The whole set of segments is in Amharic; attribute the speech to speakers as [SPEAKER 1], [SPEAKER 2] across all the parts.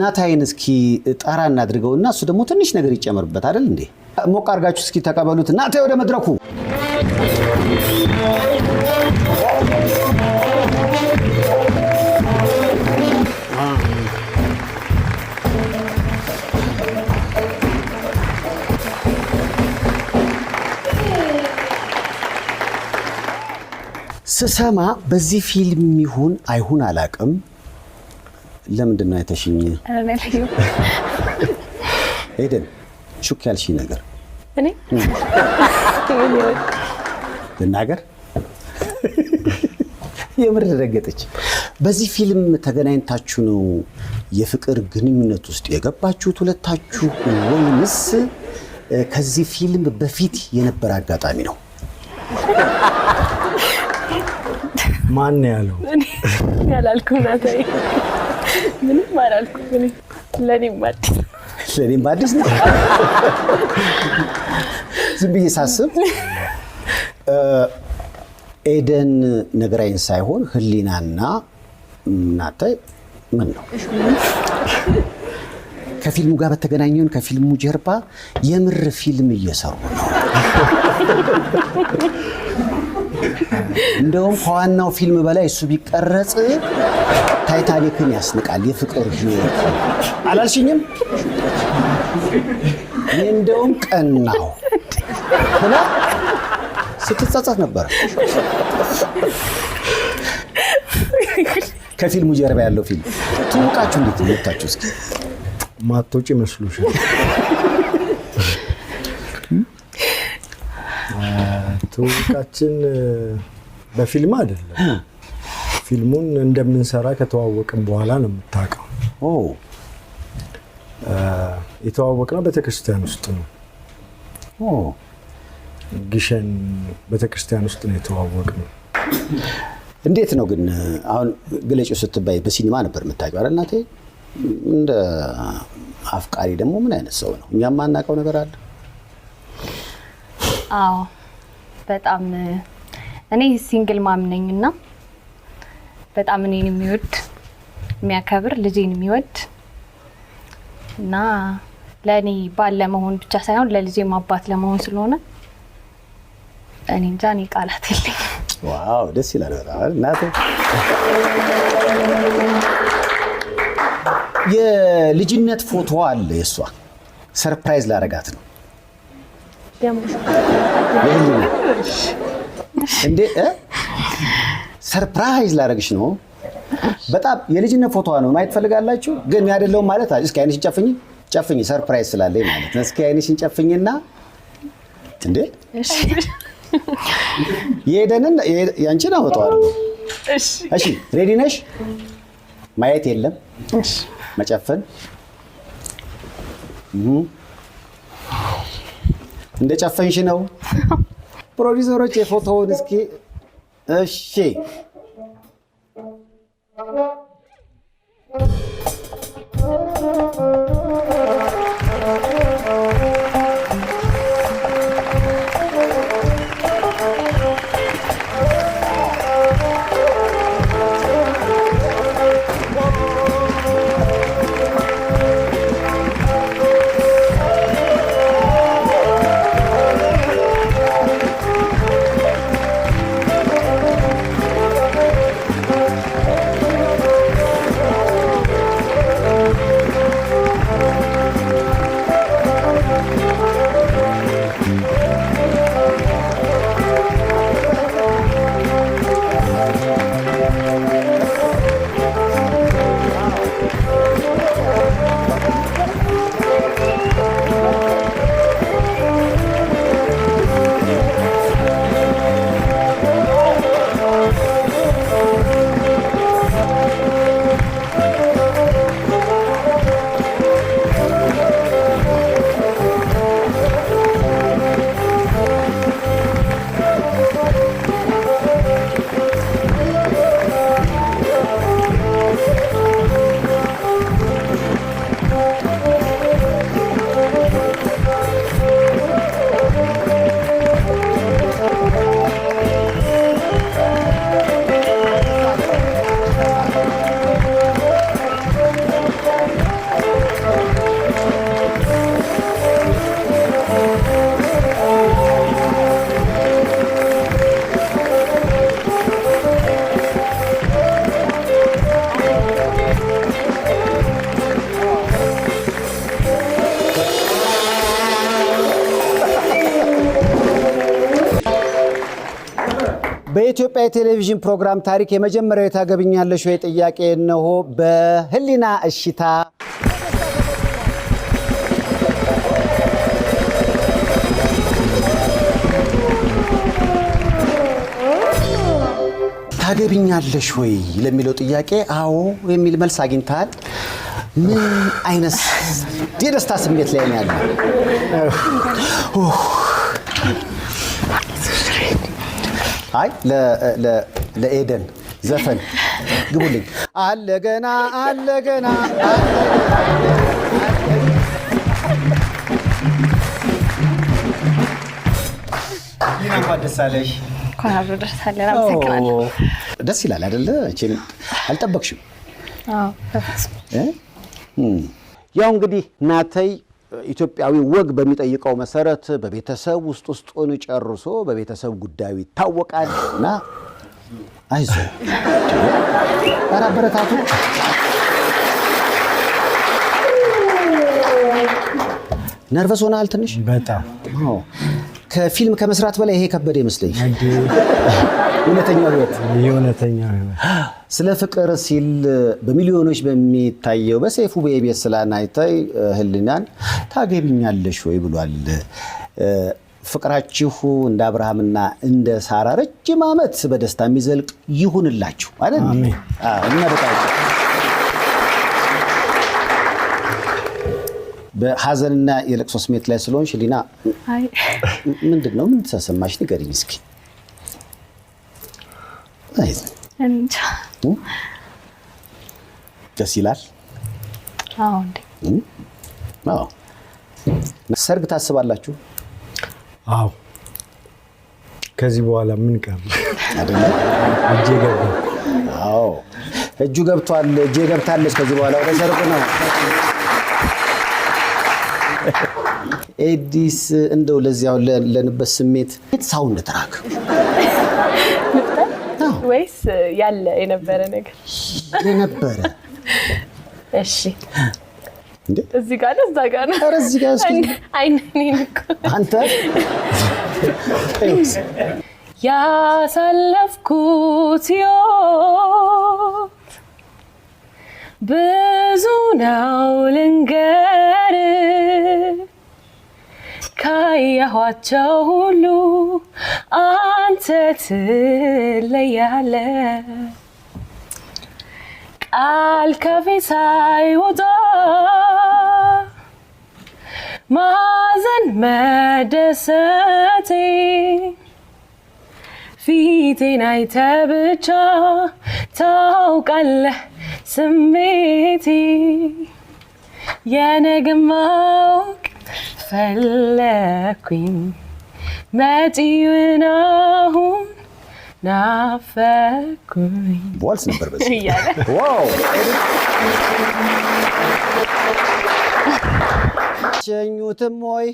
[SPEAKER 1] ናታይን እስኪ ጠራ እናድርገው እና እሱ ደግሞ ትንሽ ነገር ይጨመርበት አይደል እንዴ? ሞቅ አድርጋችሁ እስኪ ተቀበሉት። ናታይ ወደ መድረኩ ስሰማ በዚህ ፊልም ይሁን አይሁን አላቅም ለምንድን ነው አይተሽኝ? ሄደን ሹክ ያልሽኝ ነገር እኔ ልናገር የምር ረገጠች። በዚህ ፊልም ተገናኝታችሁ ነው የፍቅር ግንኙነት ውስጥ የገባችሁት ሁለታችሁ ወይንስ ከዚህ ፊልም በፊት የነበረ አጋጣሚ ነው?
[SPEAKER 2] ማን ያለው?
[SPEAKER 3] ያላልኩ ናታይ ምንም አላልኩም። ለእኔም አዲስ
[SPEAKER 1] ለእኔም አዲስ ነው። ዝም ብዬ ሳስብ ኤደን ነገራይን ሳይሆን ህሊናና እናንተ ምን ነው ከፊልሙ ጋር በተገናኘን ከፊልሙ ጀርባ የምር ፊልም እየሰሩ ነው። እንደውም ከዋናው ፊልም በላይ እሱ ቢቀረጽ ታይታኒክን ያስንቃል። የፍቅር ሕይወት አላልሽኝም? እንደውም ቀናው ብላ ስትጸጸት ነበር። ከፊልሙ ጀርባ ያለው ፊልም ትውቃችሁ እንዴት ነው? ወታችሁ እስኪ
[SPEAKER 2] ማቶጭ ይመስሉሻል? ትውውቃችን በፊልም አይደለም። ፊልሙን እንደምንሰራ ከተዋወቅን በኋላ ነው የምታውቀው። የተዋወቅነው ቤተክርስቲያን ውስጥ ነው። ግሸን ቤተክርስቲያን ውስጥ ነው የተዋወቅነው።
[SPEAKER 1] እንዴት ነው ግን አሁን ግለጭ ስትባይ በሲኒማ ነበር የምታውቂው አይደል? እናቴ እንደ አፍቃሪ ደግሞ ምን አይነት ሰው ነው? እኛም የማናውቀው ነገር አለ?
[SPEAKER 3] አዎ በጣም እኔ ሲንግል ማም ነኝ እና በጣም እኔን የሚወድ የሚያከብር ልጄን የሚወድ እና ለእኔ ባል ለመሆን ብቻ ሳይሆን ለልጄም አባት ለመሆን ስለሆነ እኔ እንጃ እኔ ቃላት የለኝ።
[SPEAKER 1] ዋው ደስ ይላል በጣም እናቴ። የልጅነት ፎቶ አለ የእሷ ሰርፕራይዝ ላረጋት ነው እንዴ ሰርፕራይዝ ላደርግሽ ነው። በጣም የልጅነት ፎቶዋ ነው ማየት ፈልጋላችሁ? ግን ያደለውም ማለት እስኪ አይንሽን ጨፍኝ ጨፍኝ፣ ሰርፕራይዝ ስላለኝ ማለት እስኪ አይንሽን ጨፍኝና እንዴ የሄደንን ያንቺን አወጣዋለሁ። እሺ ሬዲ ነሽ? ማየት የለም መጨፈን እንደ ጨፈንሽ ነው ፕሮዲሰሮች የፎቶውን እስኪ እሺ በኢትዮጵያ የቴሌቪዥን ፕሮግራም ታሪክ የመጀመሪያው የታገብኛለሽ ወይ ጥያቄ እነሆ። በህሊና እሽታ ታገብኛለሽ ወይ ለሚለው ጥያቄ አዎ የሚል መልስ አግኝታል ምን አይነት የደስታ ስሜት ላይ ያለ አይ ለኤደን ዘፈን ግቡልኝ። አለገና አለገና ደስ ይላል አይደለ? አልጠበቅሽም። ያው እንግዲህ ናተይ ኢትዮጵያዊ ወግ በሚጠይቀው መሰረት በቤተሰብ ውስጥ ውስጡን ጨርሶ በቤተሰብ ጉዳዩ ይታወቃል እና አይዞ አበረታቱ ነርቨስ ሆናል ትንሽ በጣም ከፊልም ከመስራት በላይ ይሄ ከበደ ይመስለኝ እውነተኛ ህይወት
[SPEAKER 2] የእውነተኛው ህይወት
[SPEAKER 1] ስለ ፍቅር ሲል በሚሊዮኖች በሚታየው በሰይፉ በኢቢኤስ ስላናይታይ ህልናን ታገቢኛለሽ ወይ ብሏል። ፍቅራችሁ እንደ አብርሃምና እንደ ሳራ ረጅም ዓመት በደስታ የሚዘልቅ ይሁንላችሁ ማለት በሀዘንና የለቅሶ ስሜት ላይ ስለሆንሽ ህሊና ምንድን ነው ምን ተሰማሽ? ንገሪኝ እስኪ። ደስ ይላል። ሰርግ ታስባላችሁ?
[SPEAKER 2] አዎ። ከዚህ በኋላ ምን ቀር
[SPEAKER 1] እጁ ገብቷል። እጄ ገብታለች። ከዚህ በኋላ ወደ ሰርጉ ነው። ኤዲስ እንደው ለዚያው ለንበት ስሜት ሳውንድ ትራክ
[SPEAKER 3] ወይስ ያለ የነበረ ነገር የነበረ? እሺ እዚህ ጋር ነው እዛ ጋር
[SPEAKER 1] ነው። እዚህ ጋር እስኪ አንተ
[SPEAKER 3] ያሳለፍኩት ሕይወት ብዙ ነው ልንገር ካየኋቸው ሁሉ አንተ ትለያለ ቃል ከፌ ሳይወጣ ማዘን መደሰቴ ፊቴን አይተ ብቻ ታውቃለ ስሜቴ የነግማውቅ فلاقين مديناهم ናፈኩኝ
[SPEAKER 1] ዋልስ ነበር በዚህ
[SPEAKER 3] እያለ ዋው
[SPEAKER 4] አሸኙትም ሆይ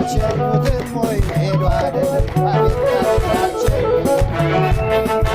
[SPEAKER 4] አሸኙትም ሆይ ሄዱ አደ